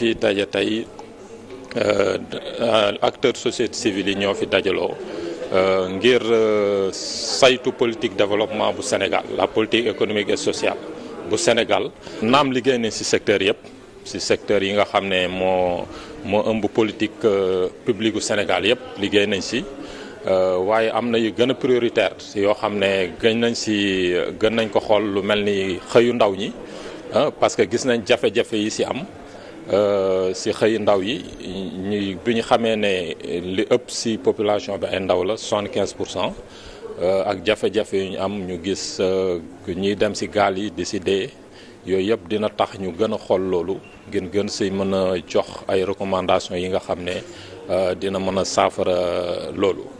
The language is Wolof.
fi daje tey euh, acteurs société civile yi ñoo fi dajaloo euh, ngir euh, saytu politique développement bu Sénégal la politique économique et sociale bu Sénégal naam liggéey nañ si secteur yépp si secteur yi nga xam ne moo moo ëmb politique publique bu Sénégal yépp liggéey nañ ci waaye am na yu gën a si yoo xam ne gën nañ ci gën nañ ko xool lu mel ni xëyu ndaw ñi ah, parce que gis nañ jafe-jafe yi si am Euh, si xëy ndaw yi ñuy bi ñu xamee ne li ëpp si population bi ay ndaw la 75 pour cent euh, ak jafe-jafe yu ñu am ñu gis euh, ñiy dem si gaal yi di si dee yooyu yëpp dina tax ñu gën a xool loolu ngeen gën si mën a jox ay recommandation yi nga xam ne dina mën a saafara loolu.